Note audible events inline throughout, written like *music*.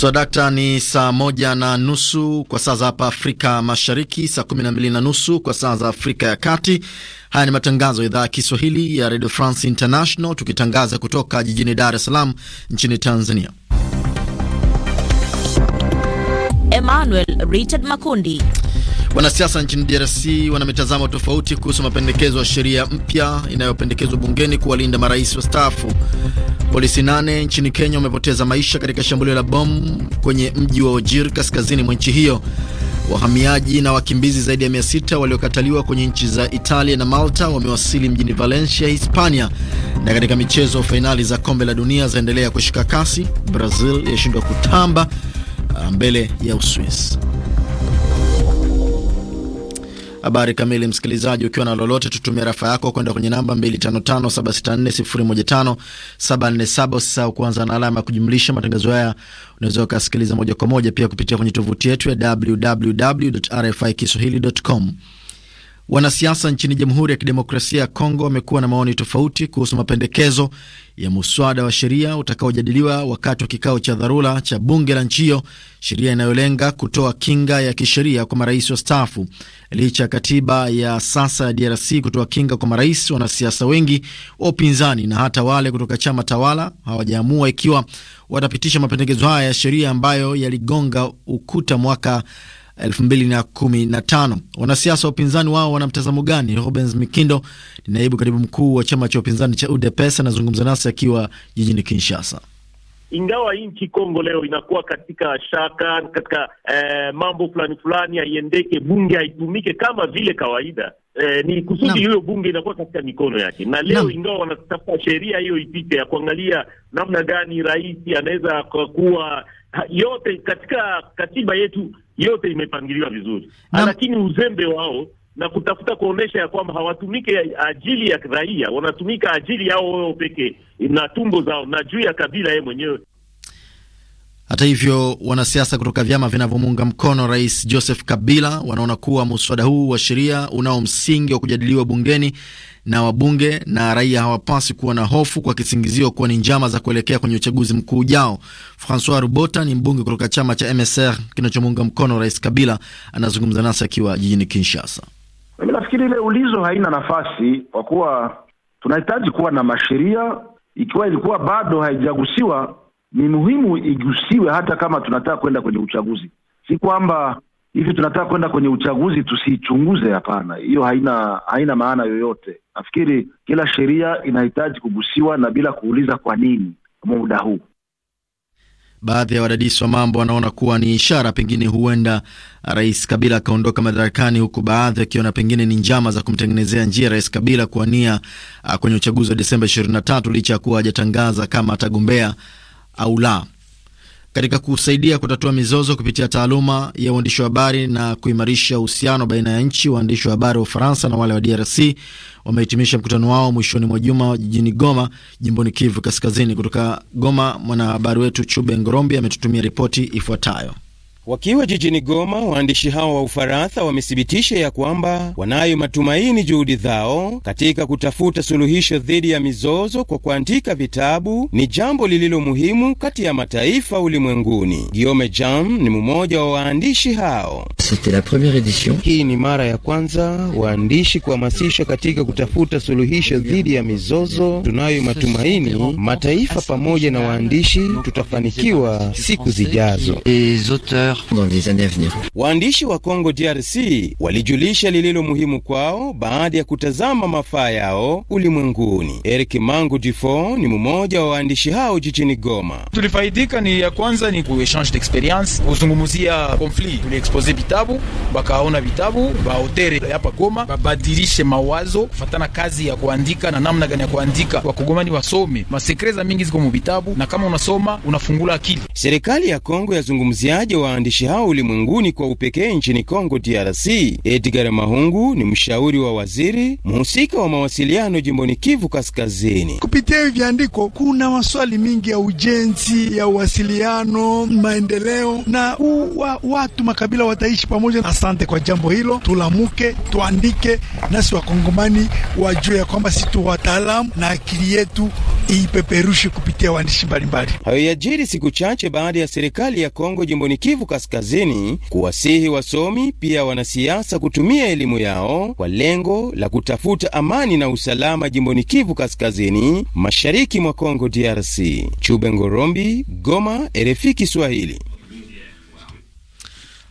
Swadakta ni saa moja na nusu kwa saa za hapa Afrika Mashariki, saa kumi na mbili na nusu kwa saa za Afrika ya Kati. Haya ni matangazo ya idhaa ya Kiswahili ya Radio France International, tukitangaza kutoka jijini Dar es Salaam nchini Tanzania. Emmanuel Richard Makundi. Wanasiasa nchini DRC wana mitazamo tofauti kuhusu mapendekezo ya sheria mpya inayopendekezwa bungeni kuwalinda marais wastaafu. Polisi nane nchini Kenya wamepoteza maisha katika shambulio la bomu kwenye mji wa ojir kaskazini mwa nchi hiyo. Wahamiaji na wakimbizi zaidi ya 600 waliokataliwa kwenye nchi za Italia na Malta wamewasili mjini Valencia, Hispania. Na katika michezo, fainali za kombe la dunia zaendelea kushika kasi. Brazil yashindwa kutamba Uh, mbele ya Uswisi. Habari kamili, msikilizaji, ukiwa na lolote, tutumie rafa yako kwenda kwenye namba 255764015747. Usisahau kuanza na alama ya kujumlisha. Matangazo haya unaweza ukasikiliza moja kwa moja pia kupitia kwenye tovuti yetu ya www.rfikiswahili.com. Wanasiasa nchini Jamhuri ya Kidemokrasia ya Kongo wamekuwa na maoni tofauti kuhusu mapendekezo ya muswada wa sheria utakaojadiliwa wakati wa kikao cha dharura cha bunge la nchi hiyo, sheria inayolenga kutoa kinga ya kisheria kwa marais wa stafu Licha ya katiba ya sasa ya DRC kutoa kinga kwa marais, wanasiasa wengi wa upinzani na hata wale kutoka chama tawala hawajaamua ikiwa watapitisha mapendekezo haya ya sheria ambayo yaligonga ukuta mwaka 2015. Wanasiasa wa upinzani wao wana mtazamo gani? Robens Mikindo ni naibu katibu mkuu wa chama cha upinzani cha UDPS, anazungumza nasi akiwa jijini Kinshasa. Ingawa nchi Kongo leo inakuwa katika shaka katika eh, mambo fulani fulani, haiendeke, bunge haitumike kama vile kawaida. Eh, ni kusudi hiyo bunge inakuwa katika mikono yake, na leo Nam. Ingawa wanatafuta sheria hiyo ipite ya kuangalia namna gani rais anaweza kuwa yote katika katiba yetu yote imepangiliwa vizuri na... lakini uzembe wao na kutafuta kuonesha ya kwamba hawatumike ajili ya raia, wanatumika ajili yao wao pekee na tumbo zao na juu ya kabila yeye mwenyewe. Hata hivyo, wanasiasa kutoka vyama vinavyomuunga mkono rais Joseph Kabila wanaona kuwa muswada huu wa sheria unao msingi wa kujadiliwa bungeni na wabunge na raia hawapaswi kuwa na hofu kwa kisingizio kuwa ni njama za kuelekea kwenye uchaguzi mkuu ujao. Francois Rubota ni mbunge kutoka chama cha MSR kinachomuunga mkono Rais Kabila, anazungumza nasi akiwa jijini Kinshasa. Mimi nafikiri ile ulizo haina nafasi kwa kuwa tunahitaji kuwa na masheria. Ikiwa ilikuwa bado haijagusiwa, ni muhimu igusiwe, hata kama tunataka kwenda kwenye uchaguzi, si kwamba hivi tunataka kwenda kwenye uchaguzi tusiichunguze? Hapana, hiyo haina haina maana yoyote. Nafikiri kila sheria inahitaji kugusiwa na bila kuuliza kwa nini muda huu. Baadhi ya wadadisi wa mambo wanaona kuwa ni ishara pengine huenda Rais Kabila akaondoka madarakani, huku baadhi wakiona pengine ni njama za kumtengenezea njia Rais Kabila kuwania ah, kwenye uchaguzi wa Desemba 23 licha ya kuwa hajatangaza kama atagombea au la katika kusaidia kutatua mizozo kupitia taaluma ya uandishi wa habari na kuimarisha uhusiano baina ya nchi. Waandishi wa habari wa Ufaransa na wale wa DRC wamehitimisha mkutano wao mwishoni mwa juma jijini Goma, jimboni Kivu Kaskazini. Kutoka Goma, mwanahabari wetu Chube Ngorombi ametutumia ripoti ifuatayo. Wakiwa jijini Goma, waandishi hao wa Ufaransa wamethibitisha ya kwamba wanayo matumaini juhudi zao katika kutafuta suluhisho dhidi ya mizozo kwa kuandika vitabu ni jambo lililo muhimu kati ya mataifa ulimwenguni. Guillaume Jam ni mmoja wa waandishi hao. Hii ni mara ya kwanza waandishi kuhamasishwa katika kutafuta suluhisho dhidi ya mizozo. Tunayo matumaini mataifa pamoja na waandishi tutafanikiwa siku zijazo. Waandishi wa congo DRC walijulisha lililo muhimu kwao baada ya kutazama mafaa yao ulimwenguni. Eric Mangu Dufo ni mmoja wa waandishi hao jijini Goma. Tulifaidika ni ya kwanza ni ku exchange d'experience, kuzungumzia conflict. Tuliexpose vitabu, bakaona vitabu baotere hapa Goma, babadilishe mawazo kufatana kazi ya kuandika na namna gani ya kuandika. wakugomani wasome masekreza mingi ziko mu vitabu, na kama unasoma unafungula akili. Serikali ya Kongo yazungumziaje waandishi waandishi hao ulimwenguni kwa upekee nchini congo DRC. Edgar Mahungu ni mshauri wa waziri mhusika wa mawasiliano jimboni Kivu Kaskazini. Kupitia hivi viandiko, kuna maswali mingi ya ujenzi, ya uwasiliano, maendeleo na uwa watu makabila wataishi pamoja. Asante kwa jambo hilo, tulamuke, tuandike, nasi wakongomani wajue ya kwamba si tu wataalamu na akili yetu iipeperushe kupitia waandishi mbalimbali. Hayo yajiri siku chache baada ya serikali ya Kongo jimboni Kivu Kaskazini kuwasihi wasomi pia wanasiasa kutumia elimu yao kwa lengo la kutafuta amani na usalama jimboni Kivu Kaskazini, mashariki mwa Congo DRC. Chube Ngorombi, Goma, RFI Kiswahili.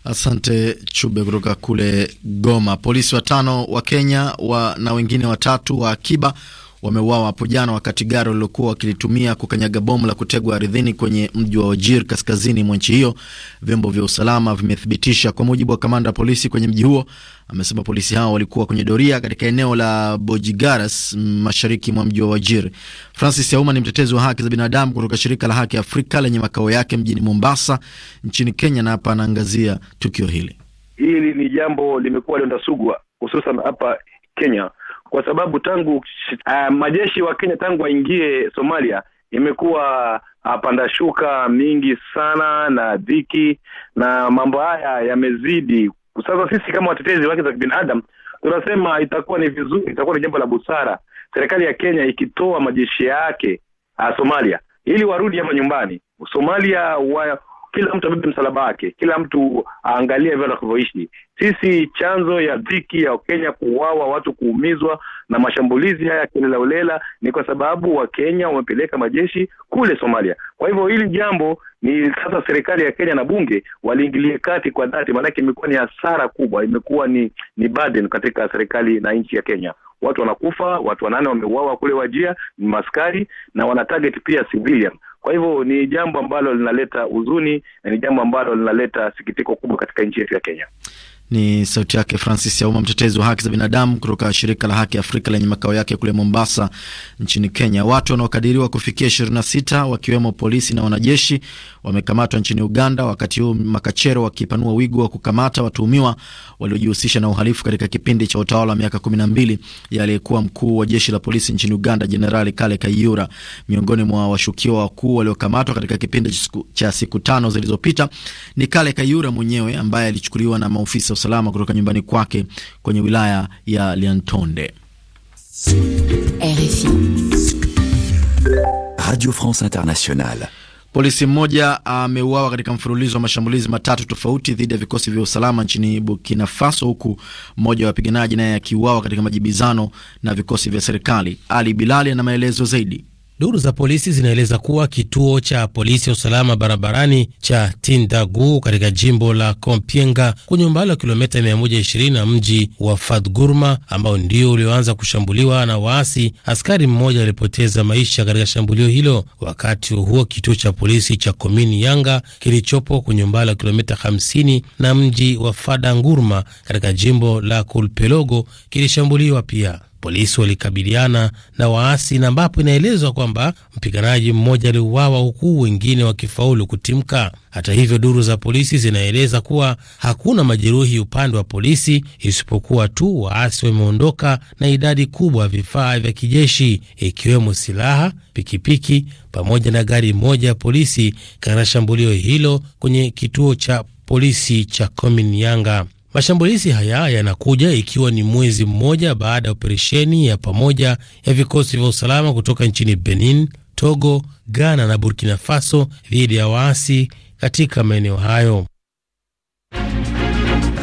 Asante Chube kutoka kule Goma. Polisi watano wa Kenya wa na wengine watatu wa akiba wameuawa hapo jana wakati gari walilokuwa wakilitumia kukanyaga bomu la kutegwa ardhini kwenye mji wa Wajir kaskazini mwa nchi hiyo, vyombo vya usalama vimethibitisha, kwa mujibu wa kamanda wa polisi kwenye mji huo. Amesema polisi hao walikuwa kwenye doria katika eneo la Bojigaras, mashariki mwa mji wa Wajir. Francis Yauma ni mtetezi wa haki za binadamu kutoka shirika la Haki Afrika lenye makao yake mjini Mombasa nchini Kenya, na hapa anaangazia tukio hili. Hili ni jambo limekuwa liondasugwa hususan hapa Kenya kwa sababu tangu uh, majeshi wa Kenya tangu waingie Somalia imekuwa uh, shuka mingi sana na dhiki na mambo haya yamezidi. Sasa sisi kama watetezi wake za kibinadamu tunasema itakuwa ni vizuri, itakuwa ni jambo la busara serikali ya Kenya ikitoa majeshi yake uh, Somalia ili warudi hapa nyumbani Somalia wa, kila mtu abebe msalaba wake, kila mtu aangalie vile anavyoishi. Sisi chanzo ya dhiki ya Wakenya kuuawa, watu kuumizwa na mashambulizi haya kiholelaholela ni kwa sababu Wakenya wamepeleka majeshi kule Somalia. Kwa hivyo hili jambo ni sasa serikali ya Kenya na bunge waliingilie kati kwa dhati, maanake imekuwa ni hasara kubwa, imekuwa ni ni burden katika serikali na nchi ya Kenya watu wanakufa, watu wanane wameuawa kule Wajia, ni maskari na wana target pia civilian. Kwa hivyo ni jambo ambalo linaleta huzuni na ni jambo ambalo linaleta sikitiko kubwa katika nchi yetu ya Kenya. Ni sauti yake Francis Yauma, mtetezi wa haki za binadamu kutoka shirika la Haki Afrika lenye makao yake kule Mombasa nchini Kenya. Watu wanaokadiriwa kufikia 26 wakiwemo polisi na wanajeshi wamekamatwa nchini Uganda, wakati huu makachero wakipanua wigo wa kukamata watuhumiwa waliojihusisha na uhalifu katika kipindi cha utawala wa miaka 12 ya aliyekuwa mkuu wa jeshi la polisi nchini Uganda, Jenerali Kale Kayura. Miongoni mwa washukiwa wakuu waliokamatwa katika kipindi cha siku tano zilizopita ni Kale Kayura mwenyewe ambaye alichukuliwa na maofisa usalama kutoka nyumbani kwake kwenye wilaya ya Liantonde. RFI Radio France Internationale. Polisi mmoja ameuawa katika mfululizo wa mashambulizi matatu tofauti dhidi ya vikosi vya usalama nchini Burkina Faso, huku mmoja wa wapiganaji naye akiuawa katika majibizano na vikosi vya serikali. Ali Bilali ana maelezo zaidi. Duru za polisi zinaeleza kuwa kituo cha polisi ya usalama barabarani cha Tindagu katika jimbo la Kompienga kwenye umbali wa kilomita 120 na mji wa Fadgurma ambao ndio ulioanza kushambuliwa na waasi, askari mmoja alipoteza maisha katika shambulio hilo. Wakati huo kituo cha polisi cha Komini Yanga kilichopo kwenye umbali wa kilomita 50 na mji wa Fadangurma katika jimbo la Kulpelogo kilishambuliwa pia polisi walikabiliana na waasi na ambapo inaelezwa kwamba mpiganaji mmoja aliuawa huku wengine wakifaulu kutimka. Hata hivyo, duru za polisi zinaeleza kuwa hakuna majeruhi upande wa polisi, isipokuwa tu waasi wameondoka na idadi kubwa ya vifaa vya kijeshi ikiwemo silaha, pikipiki pamoja na gari moja ya polisi katika shambulio hilo kwenye kituo cha polisi cha comin Yanga. Mashambulizi haya yanakuja ikiwa ni mwezi mmoja baada ya operesheni ya pamoja ya vikosi vya usalama kutoka nchini Benin, Togo, Ghana na Burkina Faso dhidi ya waasi katika maeneo hayo.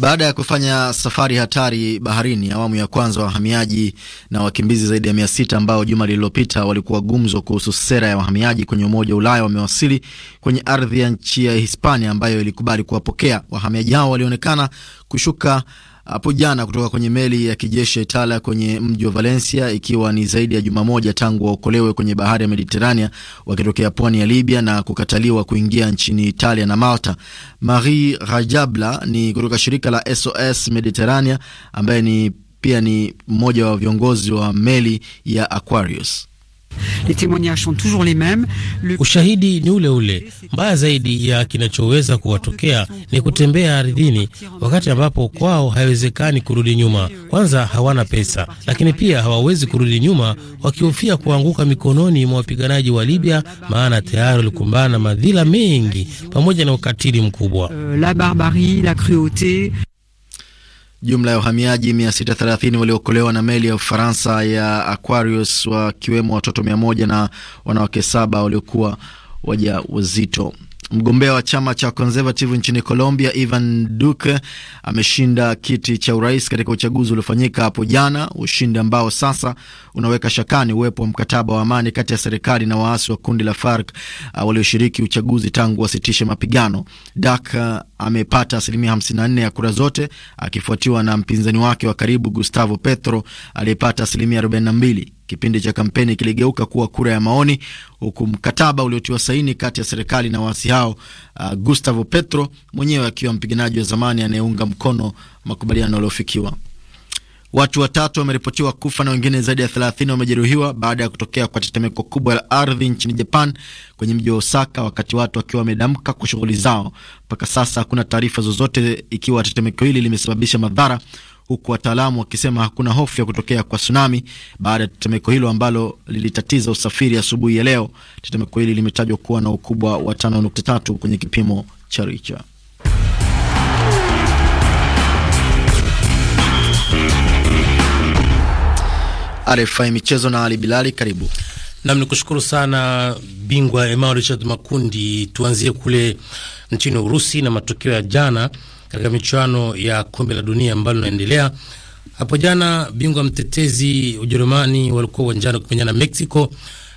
Baada ya kufanya safari hatari baharini, awamu ya kwanza, wahamiaji na wakimbizi zaidi ya mia sita ambao juma lililopita walikuwa gumzo kuhusu sera ya wahamiaji kwenye Umoja wa Ulaya wamewasili kwenye ardhi ya nchi ya Hispania ambayo ilikubali kuwapokea wahamiaji hao. Walionekana kushuka hapo jana kutoka kwenye meli ya kijeshi ya Italia kwenye mji wa Valencia, ikiwa ni zaidi ya juma moja tangu waokolewe kwenye bahari ya Mediterania wakitokea pwani ya Libya na kukataliwa kuingia nchini Italia na Malta. Marie Rajabla ni kutoka shirika la SOS Mediterania ambaye ni pia ni mmoja wa viongozi wa meli ya Aquarius. Ushahidi ni ule ule. Mbaya zaidi ya kinachoweza kuwatokea ni kutembea ardhini, wakati ambapo kwao haiwezekani kurudi nyuma. Kwanza hawana pesa, lakini pia hawawezi kurudi nyuma wakihofia kuanguka mikononi mwa wapiganaji wa Libya, maana tayari walikumbana na madhila mengi pamoja na ukatili mkubwa. Euh, Jumla ya wahamiaji 630 waliokolewa na meli ya Ufaransa ya Aquarius wakiwemo watoto 100 na wanawake saba waliokuwa waja wazito. Mgombea wa chama cha Conservative nchini Colombia, Ivan Duque ameshinda kiti cha urais katika uchaguzi uliofanyika hapo jana, ushindi ambao sasa unaweka shakani uwepo wa mkataba wa amani kati ya serikali na waasi wa kundi la FARC uh, walioshiriki uchaguzi tangu wasitishe mapigano. Duque uh, amepata asilimia 54 ya kura zote akifuatiwa uh, na mpinzani wake wa karibu Gustavo Petro aliyepata asilimia 42. Kipindi cha kampeni kiligeuka kuwa kura ya maoni, huku mkataba uliotiwa saini kati ya serikali na waasi hao uh, Gustavo Petro mwenyewe akiwa mpiganaji wa zamani anayeunga mkono makubaliano yaliyofikiwa. Watu watatu wameripotiwa kufa na wengine zaidi ya 30 wamejeruhiwa baada ya kutokea kwa tetemeko kubwa la ardhi nchini Japan kwenye mji wa Osaka, wakati watu wakiwa wamedamka kwa shughuli zao. Mpaka sasa hakuna taarifa zozote ikiwa tetemeko hili limesababisha madhara, huku wataalamu wakisema hakuna hofu ya kutokea kwa tsunami baada ya tetemeko hilo ambalo lilitatiza usafiri asubuhi ya, ya leo. Tetemeko hili limetajwa kuwa na ukubwa wa 5.3 kwenye kipimo cha Richter. RFI Michezo na Ali Bilali, karibu nam. Ni kushukuru sana bingwa Emmanuel Richard Makundi. Tuanzie kule nchini Urusi na matokeo ya jana katika michuano ya kombe la dunia ambalo linaendelea. Hapo jana bingwa mtetezi Ujerumani walikuwa uwanjani kumenyana Mexico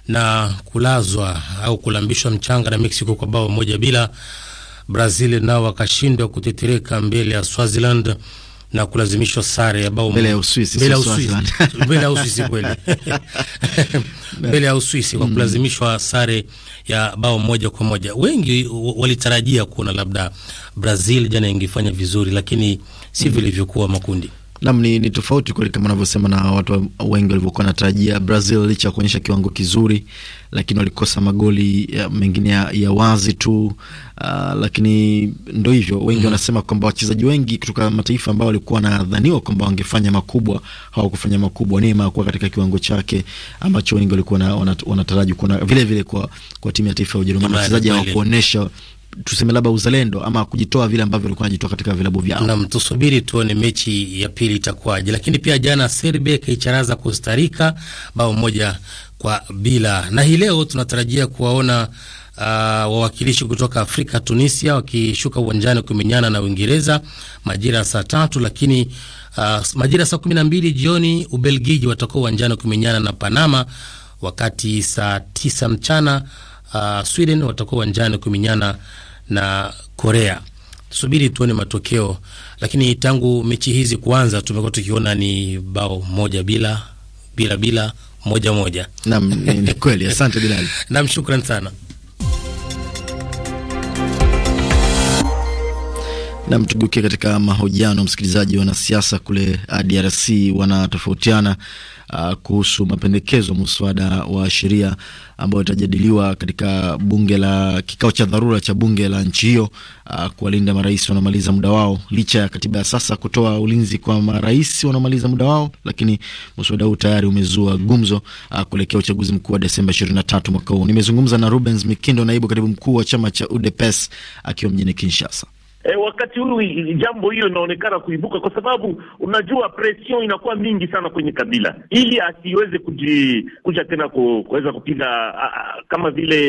na kulazwa au kulambishwa mchanga na Mexico kwa bao moja bila. Brazil nao wakashindwa kutetereka mbele ya Swaziland na kulazimishwa sare ya bao mbele ya Uswisi, mbele ya Uswisi kweli, *laughs* mbele ya Uswisi kwa mm. kulazimishwa sare ya bao moja kwa moja. Wengi walitarajia kuona labda Brazil jana ingefanya vizuri, lakini si vilivyokuwa makundi Nam ni, ni tofauti kweli kama anavyosema na watu wengi walivyokuwa wanatarajia. Brazil licha ya kuonyesha kiwango kizuri, lakini walikosa magoli eh, mengine ya, ya wazi tu uh, lakini ndo hivyo wengi mm -hmm. wanasema kwamba wachezaji wengi kutoka mataifa ambao walikuwa wanadhaniwa kwamba wangefanya makubwa hawakufanya makubwa, neema kuwa katika kiwango chake ambacho wengi walikuwa wanataraji kuona. Vilevile kwa, kwa timu ya taifa ya Ujerumani wachezaji hawakuonyesha tuseme labda uzalendo ama kujitoa vile ambavyo walikuwa wanajitoa katika vilabu vyao. Naam, tusubiri tuone mechi ya pili itakuwaje. Lakini pia jana Serbia ikaicharaza Costa Rica bao moja kwa bila, na hii leo tunatarajia kuwaona Uh, wawakilishi kutoka Afrika Tunisia wakishuka uwanjani kumenyana na Uingereza majira ya saa tatu, lakini uh, majira saa kumi na mbili jioni Ubelgiji watakuwa uwanjani kumenyana na Panama, wakati saa tisa mchana uh, Sweden watakuwa uwanjani kuminyana na Korea. Tusubiri tuone matokeo, lakini tangu mechi hizi kuanza tumekuwa tukiona ni bao moja bila bila bila moja moja. Naam, ni kweli. Asante Bilal. *laughs* Naam, shukran sana. Nam, tugukie katika mahojiano. Msikilizaji, wanasiasa kule uh, DRC wanatofautiana uh, kuhusu mapendekezo mswada wa sheria ambayo itajadiliwa katika bunge la kikao cha dharura cha bunge la nchi hiyo uh, kuwalinda marais wanaomaliza muda wao, licha ya katiba ya sasa kutoa ulinzi kwa marais wanaomaliza muda wao, lakini mswada huu tayari umezua gumzo uh, kuelekea uchaguzi mkuu wa Desemba 23 mwaka huu. Nimezungumza na Rubens Mikindo, naibu katibu mkuu wa chama cha UDPS akiwa mjini Kinshasa. E, wakati huu jambo hiyo inaonekana kuibuka kwa sababu unajua presion inakuwa mingi sana kwenye Kabila ili asiweze kuja tena ku, kuweza kupiga kama vile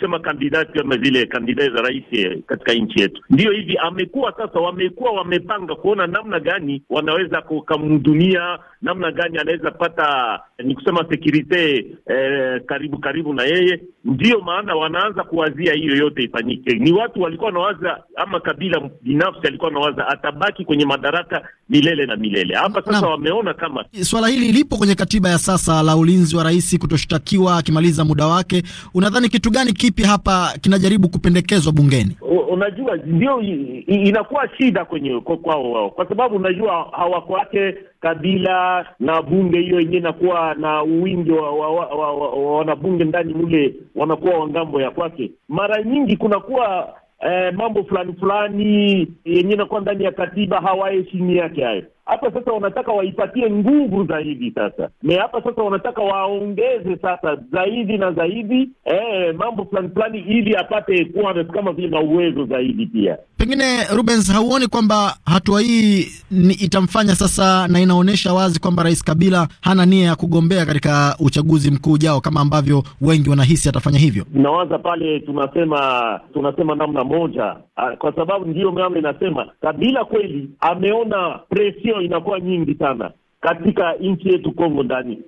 sema kandidati ama vile kandidati za rais eh, katika nchi yetu. Ndiyo hivi amekuwa sasa, wamekuwa wamepanga kuona namna gani wanaweza kukamhudumia, namna gani anaweza pata ni kusema sekurite eh, karibu karibu na yeye. Ndiyo maana wanaanza kuwazia hiyo yote ifanyike. Ni watu walikuwa wanawaza ama kama Kabila binafsi alikuwa amewaza atabaki kwenye madaraka milele na milele. Hapa sasa wameona kama swala hili lipo kwenye katiba ya sasa la ulinzi wa rais kutoshtakiwa akimaliza muda wake. Unadhani kitu gani kipi hapa kinajaribu kupendekezwa bungeni? Unajua, ndio inakuwa shida kwenye kwao wao, kwa sababu unajua hawakwake Kabila na bunge hiyo yenyewe inakuwa na uwingi wa wanabunge wa, wa, wa, wa, ndani mule wanakuwa wangambo ya kwake. Mara nyingi kunakuwa eh, mambo fulani fulani yenyewe inakuwa ndani ya katiba hawaheshimi yake hayo hapa sasa wanataka waipatie nguvu zaidi sasa na hapa sasa wanataka waongeze sasa zaidi na zaidi eh, mambo fulani fulani, ili apate kuwa kama vile na uwezo zaidi. Pia pengine, Rubens, hauoni kwamba hatua hii itamfanya sasa, na inaonyesha wazi kwamba Rais Kabila hana nia ya kugombea katika uchaguzi mkuu ujao kama ambavyo wengi wanahisi atafanya hivyo? Nawaza pale tunasema tunasema namna moja, ah, kwa sababu ndiyo mama inasema Kabila kweli ameona presio hiyo inakuwa nyingi sana katika nchi yetu Kongo ndani,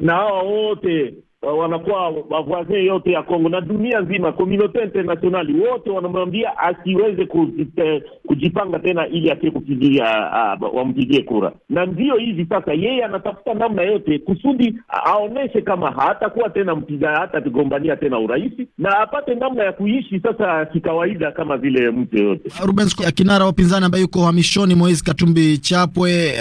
na hawa wote Eh, wanakuwa wavoisin yote ya Kongo na dunia nzima, komunote internationali wote wanamwambia asiweze kujite, eh, kujipanga tena ili atie kupigia ah, wampigie kura. Na ndiyo hivi sasa yeye anatafuta namna yote kusudi aoneshe kama hatakuwa tena mpiga, hatagombania tena urais na apate namna ya kuishi sasa kikawaida kama vile mtu yoyote. Ah, Ruben, kinara wa upinzani ambaye yuko hamishoni Moise Katumbi Chapwe,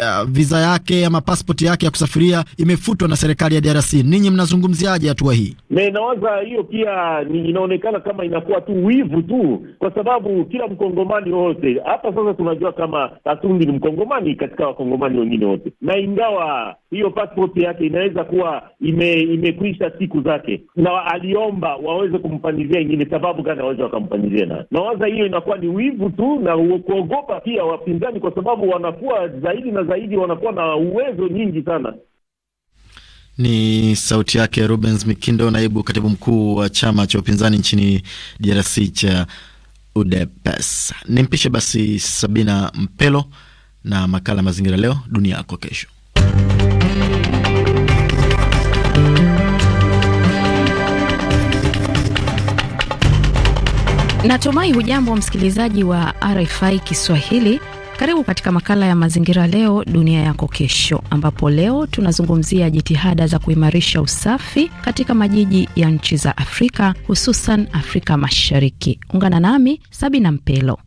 uh, yake ama paspoti yake ya kusafiria imefutwa na serikali ya DRC. Ninyi mnazungumzia unaizungumziaje hatua hii? Na nawaza hiyo pia ni inaonekana kama inakuwa tu wivu tu, kwa sababu kila mkongomani wote hapa sasa tunajua kama Katumbi ni mkongomani katika wakongomani wengine wote, na ingawa hiyo passport yake inaweza kuwa ime, imekwisha siku zake, na aliomba waweze kumpanizia ingine, sababu gani waweze wakampanizia nayo? Nawaza hiyo inakuwa ni wivu tu na kuogopa pia wapinzani, kwa sababu wanakuwa zaidi na zaidi, wanakuwa na uwezo nyingi sana ni sauti yake Rubens Mikindo, naibu katibu mkuu wa chama cha upinzani nchini DRC cha UDPS. Ni mpishe basi Sabina Mpelo na makala Mazingira Leo Dunia Yako Kesho. Natumai hujambo msikilizaji wa RFI Kiswahili. Karibu katika makala ya mazingira leo dunia yako kesho, ambapo leo tunazungumzia jitihada za kuimarisha usafi katika majiji ya nchi za Afrika hususan Afrika Mashariki. Ungana nami Sabina Mpelo.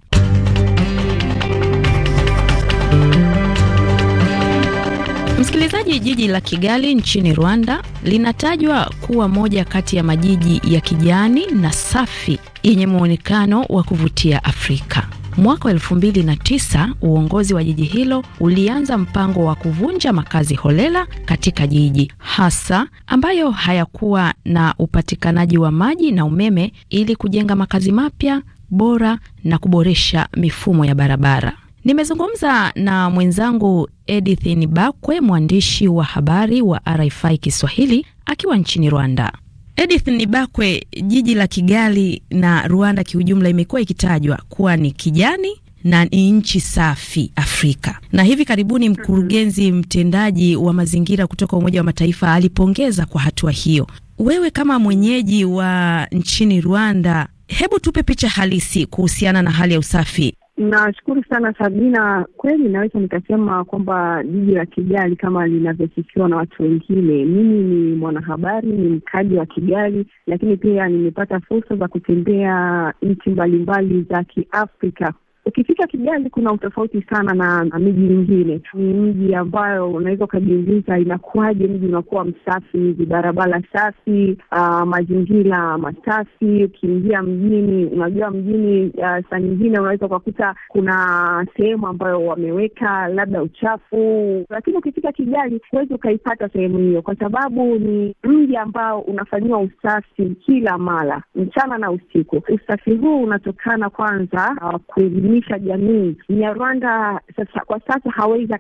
Msikilizaji, jiji la Kigali nchini Rwanda linatajwa kuwa moja kati ya majiji ya kijani na safi yenye mwonekano wa kuvutia Afrika. Mwaka wa elfu mbili na tisa uongozi wa jiji hilo ulianza mpango wa kuvunja makazi holela katika jiji hasa ambayo hayakuwa na upatikanaji wa maji na umeme ili kujenga makazi mapya bora na kuboresha mifumo ya barabara. Nimezungumza na mwenzangu Edith Nibakwe, mwandishi wa habari wa RFI Kiswahili akiwa nchini Rwanda. Edith Nibakwe, jiji la Kigali na Rwanda kiujumla imekuwa ikitajwa kuwa ni kijani na ni nchi safi Afrika. Na hivi karibuni mkurugenzi mtendaji wa mazingira kutoka Umoja wa Mataifa alipongeza kwa hatua hiyo. Wewe kama mwenyeji wa nchini Rwanda, hebu tupe picha halisi kuhusiana na hali ya usafi Nashukuru sana Sabina. Kweli naweza nikasema kwamba jiji la Kigali kama linavyosikiwa na watu wengine, mimi ni mwanahabari, ni mkaji wa Kigali, lakini pia nimepata fursa za kutembea nchi mbalimbali za Kiafrika Ukifika Kigali kuna utofauti sana na, na miji mingine. Ni mji ambayo unaweza ukajiuliza inakuwaje mji unakuwa msafi hivi, barabara safi, uh, mazingira masafi. Ukiingia mjini, unajua mjini, uh, saa nyingine unaweza ukakuta kuna sehemu ambayo wameweka labda uchafu, lakini ukifika Kigali huwezi ukaipata sehemu hiyo, kwa sababu ni mji ambao unafanyiwa usafi kila mara, mchana na usiku. Usafi huu unatokana kwanza uh, kuelimisha jamii. Mnyarwanda sasa, kwa sasa hawezi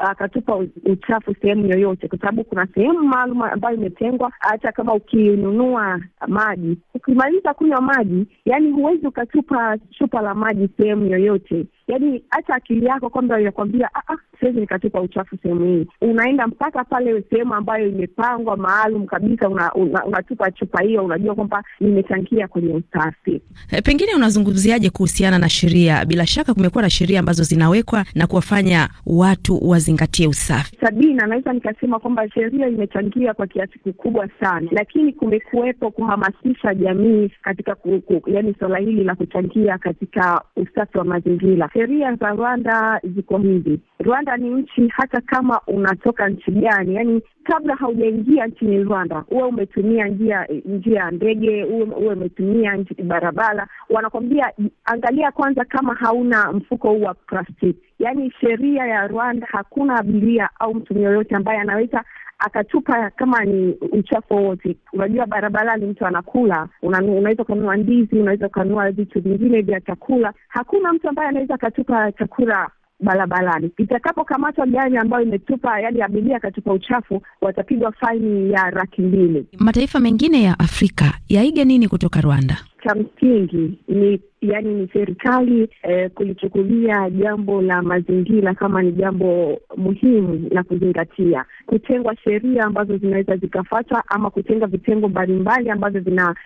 akatupa uchafu sehemu yoyote, kwa sababu kuna sehemu maalum ambayo imetengwa. Hata kama ukinunua maji, ukimaliza kunywa maji, yani huwezi ukatupa chupa la maji sehemu yoyote yani hata akili yako kwamba inakwambia ah, ah, siwezi nikatupa uchafu sehemu hii, unaenda mpaka pale sehemu ambayo imepangwa maalum kabisa, unatupa una, una chupa hiyo, unajua kwamba nimechangia kwenye usafi. E, pengine unazungumziaje kuhusiana na sheria? Bila shaka kumekuwa na sheria ambazo zinawekwa na kuwafanya watu wazingatie usafi. Sabina, naweza nikasema kwamba sheria imechangia kwa kiasi kikubwa sana, lakini kumekuwepo kuhamasisha jamii katika ku, ku, yani swala hili la kuchangia katika usafi wa mazingira sheria za Rwanda ziko hivi. Rwanda ni nchi, hata kama unatoka nchi gani, yani kabla haujaingia nchini Rwanda uwe umetumia njia njia ya ndege, uwe umetumia barabara, wanakwambia angalia kwanza kama hauna mfuko huu wa plastiki. Yani sheria ya Rwanda, hakuna abiria au mtumia yoyote ambaye anaweza akatupa kama ni uchafu wowote. Unajua, barabarani mtu anakula, unaweza ukanunua ndizi, unaweza ukanunua vitu vingine vya chakula. Hakuna mtu ambaye anaweza akatupa chakula barabarani. Itakapokamatwa gari ambayo imetupa yani abiria akatupa uchafu, watapigwa faini ya laki mbili. Mataifa mengine ya Afrika yaige nini kutoka Rwanda? cha msingi ni yani ni serikali eh, kulichukulia jambo la mazingira kama ni jambo muhimu la kuzingatia, kutengwa sheria ambazo zinaweza zikafuatwa ama kutenga vitengo mbalimbali ambavyo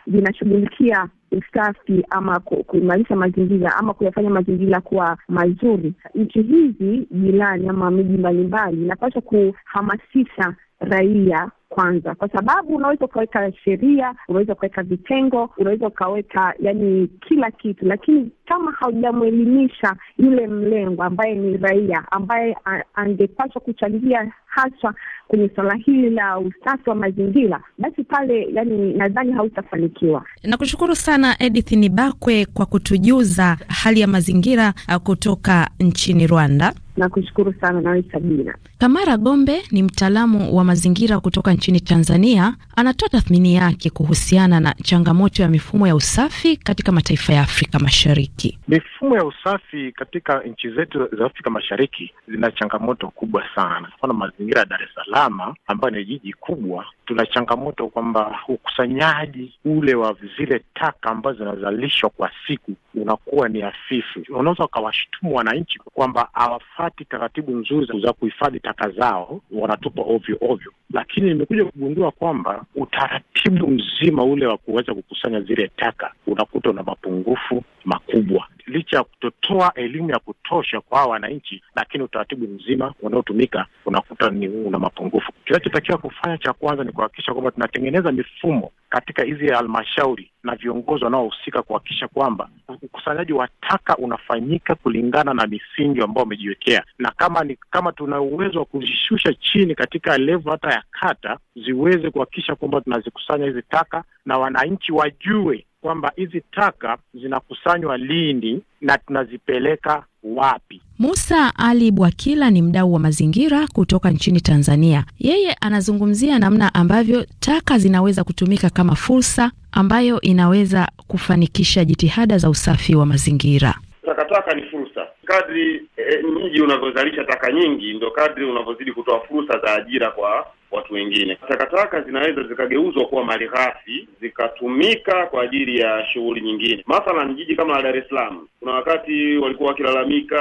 vinashughulikia usafi ama kuimarisha mazingira ama kuyafanya mazingira kuwa mazuri. Nchi hizi jirani ama miji mbalimbali inapaswa kuhamasisha raia kwanza, kwa sababu unaweza ukaweka sheria, unaweza ukaweka vitengo, unaweza ukaweka yani kila kitu, lakini kama haujamwelimisha yule mlengwa ambaye ni raia ambaye angepaswa kuchangia haswa kwenye swala hili la usafi wa mazingira, basi pale yani nadhani hautafanikiwa. Nakushukuru sana Edith Nibakwe kwa kutujuza hali ya mazingira uh, kutoka nchini Rwanda. Nakushukuru sana nawe Sabina. Tamara Gombe ni mtaalamu wa mazingira kutoka nchini Tanzania, anatoa tathmini yake kuhusiana na changamoto ya mifumo ya usafi katika mataifa ya Afrika Mashariki. Mifumo ya usafi katika nchi zetu za Afrika Mashariki zina changamoto kubwa sana. Mfano, mazingira ya Dar es Salaam ambayo ni jiji kubwa, tuna changamoto kwamba ukusanyaji ule wa zile taka ambazo zinazalishwa kwa siku unakuwa ni hafifu. Unaweza ukawashutumu wananchi kwamba hawafati taratibu nzuri za kuhifadhi taka zao, wanatupa ovyo ovyo, lakini nimekuja kugundua kwamba utaratibu mzima ule wa kuweza kukusanya zile taka unakuta una mapungufu makubwa licha ya kutotoa elimu ya kutosha kwa hawa wananchi, lakini utaratibu mzima unaotumika unakuta ni una mapungufu. Kinachotakiwa kufanya cha kwanza ni kuhakikisha kwamba tunatengeneza mifumo katika hizi halmashauri na viongozi wanaohusika kuhakikisha kwamba ukusanyaji wa taka unafanyika kulingana na misingi ambayo wamejiwekea, na kama ni kama tuna uwezo wa kuzishusha chini katika levo hata ya kata, ziweze kuhakikisha kwamba tunazikusanya hizi taka na wananchi wajue kwamba hizi taka zinakusanywa lini na tunazipeleka wapi. Musa Ali Bwakila ni mdau wa mazingira kutoka nchini Tanzania. Yeye anazungumzia namna ambavyo taka zinaweza kutumika kama fursa ambayo inaweza kufanikisha jitihada za usafi wa mazingira takataka ni fursa. Kadri eh, mji e, unavyozalisha taka nyingi, ndo kadri unavyozidi kutoa fursa za ajira kwa watu wengine. Takataka zinaweza zikageuzwa kuwa mali ghafi zikatumika kwa ajili ya shughuli nyingine. Mathalan, jiji kama Dar es Salaam, kuna wakati walikuwa wakilalamika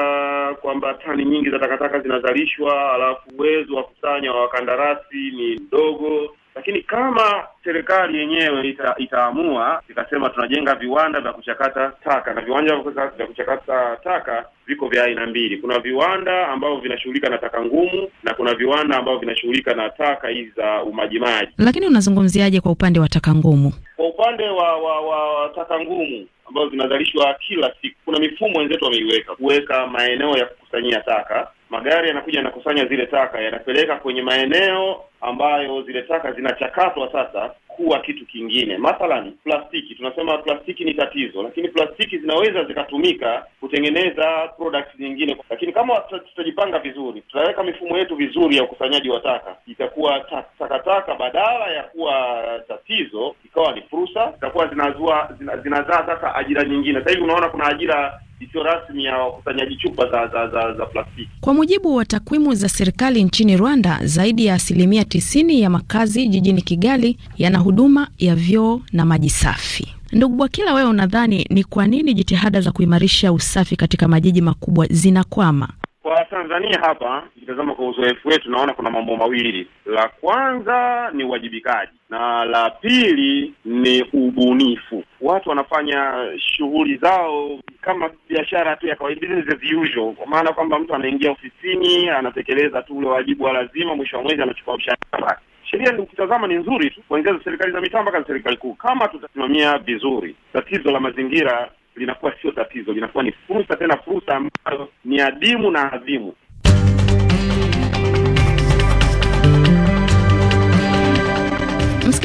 kwamba tani nyingi za takataka zinazalishwa, alafu uwezo wa kusanya wa wakandarasi ni mdogo lakini kama serikali yenyewe ita, itaamua ikasema tunajenga viwanda vya kuchakata taka, na viwanda vya kuchakata taka viko vya aina mbili. Kuna viwanda ambavyo vinashughulika na taka ngumu na kuna viwanda ambavyo vinashughulika na taka hizi za umajimaji. Lakini unazungumziaje kwa upande wa taka ngumu? Kwa upande wa, wa, wa taka ngumu ambazo zinazalishwa kila siku, kuna mifumo wenzetu wameiweka kuweka maeneo ya kukusanyia taka. Magari yanakuja yanakusanya zile taka, yanapeleka kwenye maeneo ambayo zile taka zinachakatwa sasa kuwa kitu kingine. Mathalani plastiki, tunasema plastiki ni tatizo, lakini plastiki zinaweza zikatumika kutengeneza products nyingine, lakini kama tutajipanga vizuri, tutaweka mifumo yetu vizuri ya ukusanyaji wa taka, itakuwa takataka taka, badala ya kuwa tatizo ikawa ni fursa, itakuwa zinazua zinazaa sasa ajira nyingine. Sasa hivi unaona kuna ajira isiyo rasmi ya wakusanyaji chupa za, za, za, za plastiki. Kwa mujibu wa takwimu za serikali nchini Rwanda, zaidi ya asilimia tisini ya makazi jijini Kigali yana huduma ya vyoo na maji safi. Ndugu Bwakila, wewe unadhani ni kwa nini jitihada za kuimarisha usafi katika majiji makubwa zinakwama? Kwa Tanzania hapa, ukitazama kwa uzoefu wetu, naona kuna mambo mawili. La kwanza ni uwajibikaji na la pili ni ubunifu. Watu wanafanya shughuli zao kama biashara tu ya kawaida, business as usual, kwa maana kwamba mtu anaingia ofisini anatekeleza tu ule wajibu wa lazima, mwisho wa mwezi anachukua mshahara. Sheria ukitazama ni nzuri tu, kuanzia za serikali za mitaa mpaka za serikali kuu, kama tutasimamia vizuri. Tatizo la mazingira linakuwa sio tatizo, linakuwa ni fursa, tena fursa ambayo ni adimu na adhimu.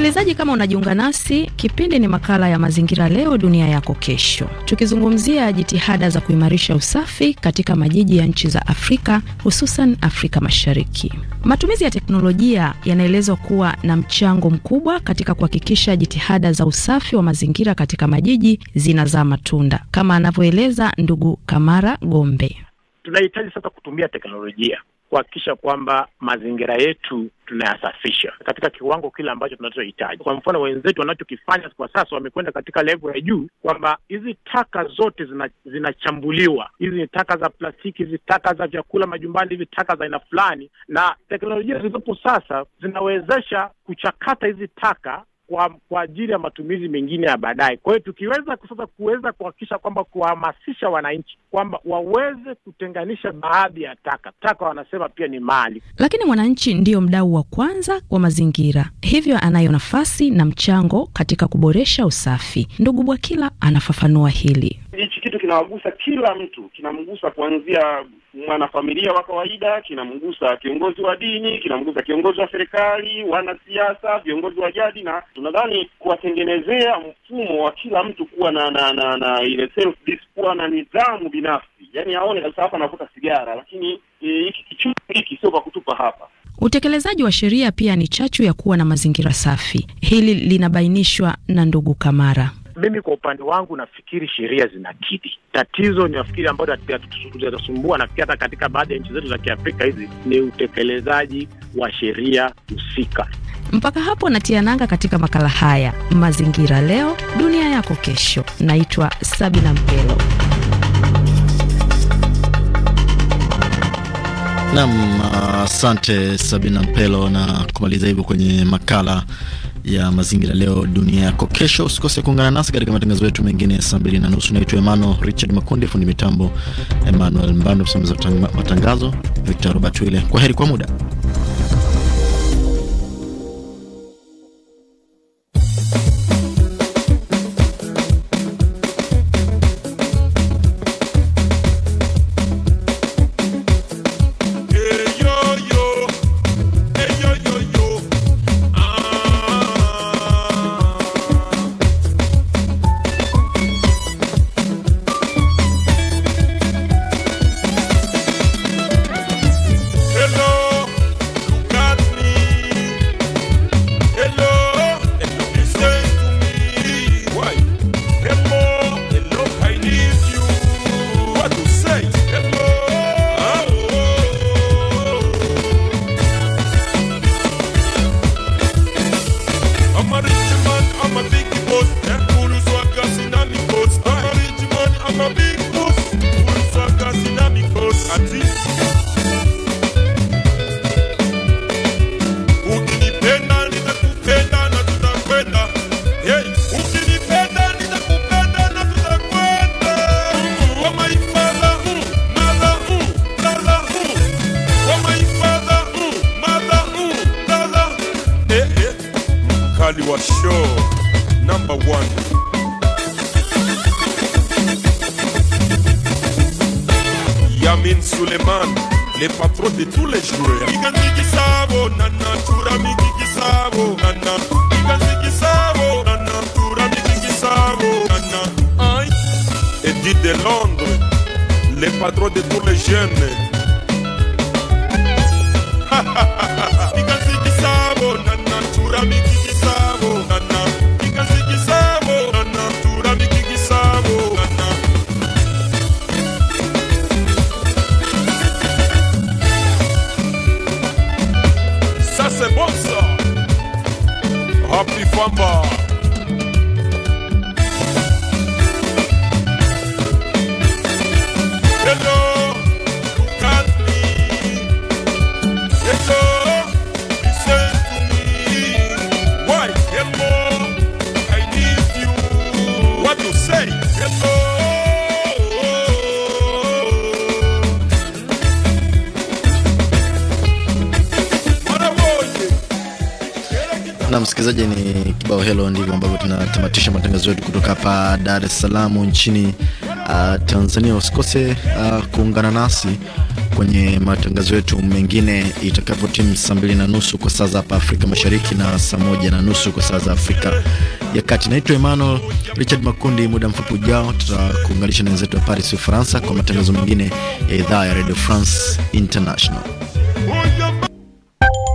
Msikilizaji, kama unajiunga nasi, kipindi ni makala ya mazingira, leo dunia yako kesho, tukizungumzia jitihada za kuimarisha usafi katika majiji ya nchi za Afrika, hususan Afrika Mashariki. Matumizi ya teknolojia yanaelezwa kuwa na mchango mkubwa katika kuhakikisha jitihada za usafi wa mazingira katika majiji zinazaa matunda, kama anavyoeleza ndugu Kamara Gombe. Tunahitaji sasa kutumia teknolojia kuhakikisha kwamba mazingira yetu tunayasafisha katika kiwango kile ambacho tunachohitaji. Kwa mfano, wenzetu wanachokifanya kwa sasa, wamekwenda katika levo ya juu kwamba hizi taka zote zina, zinachambuliwa. Hizi ni taka za plastiki, hizi taka za vyakula majumbani, hizi taka za aina fulani, na teknolojia zilizopo sasa zinawezesha kuchakata hizi taka kwa kwa ajili ya matumizi mengine ya baadaye. Kwa hiyo tukiweza sasa kuweza kuhakikisha kwamba kuwahamasisha wananchi kwamba waweze kutenganisha baadhi ya taka taka, wanasema pia ni mali, lakini mwananchi ndiyo mdau wa kwanza wa mazingira, hivyo anayo nafasi na mchango katika kuboresha usafi. Ndugu Bwakila anafafanua hili. Hichi kitu kinawagusa kila mtu, kinamgusa kuanzia mwanafamilia wa kawaida, kinamgusa kiongozi wa dini, kinamgusa kiongozi wa serikali, wanasiasa, viongozi wa jadi, na tunadhani kuwatengenezea mfumo wa kila mtu kuwa na na na, na ile self discipline na nidhamu binafsi, yaani aone kabisa hapa anavuta sigara, lakini e, hiki kichungu hiki sio kwa kutupa hapa. Utekelezaji wa sheria pia ni chachu ya kuwa na mazingira safi. Hili linabainishwa na ndugu Kamara mimi kwa upande wangu nafikiri sheria zinakidhi tatizo. Ni nafikiri ambayo tutasumbua, nafikiri hata katika baadhi ya nchi zetu za Kiafrika hizi ni utekelezaji wa sheria husika. Mpaka hapo natia nanga katika makala haya Mazingira Leo, Dunia Yako Kesho. Naitwa Sabina Mpelo. Nam, asante Sabina Mpelo, na kumaliza hivyo kwenye makala ya mazingira leo dunia yako kesho. Usikose kuungana nasi katika matangazo yetu mengine saa mbili na nusu. Naitwa Emmanuel Richard Makundi, fundi mitambo Emmanuel Mbando, msimamizi wa matangazo Victor Robert Wile. Kwa heri kwa muda. the tous les jours. Msikilizaji, ni kibao helo, ndivyo ambavyo tunatamatisha matangazo yetu kutoka hapa Dar es Salaam nchini uh, Tanzania. Usikose uh, kuungana nasi kwenye matangazo yetu mengine itakapo timu saa mbili na nusu kwa saa za hapa Afrika Mashariki na saa moja na nusu kwa saa za Afrika ya Kati. Naitwa Emmanuel Richard Makundi. Muda mfupi ujao tutakuunganisha na wenzetu wa Paris, Ufaransa, kwa matangazo mengine ya idhaa ya Radio France International.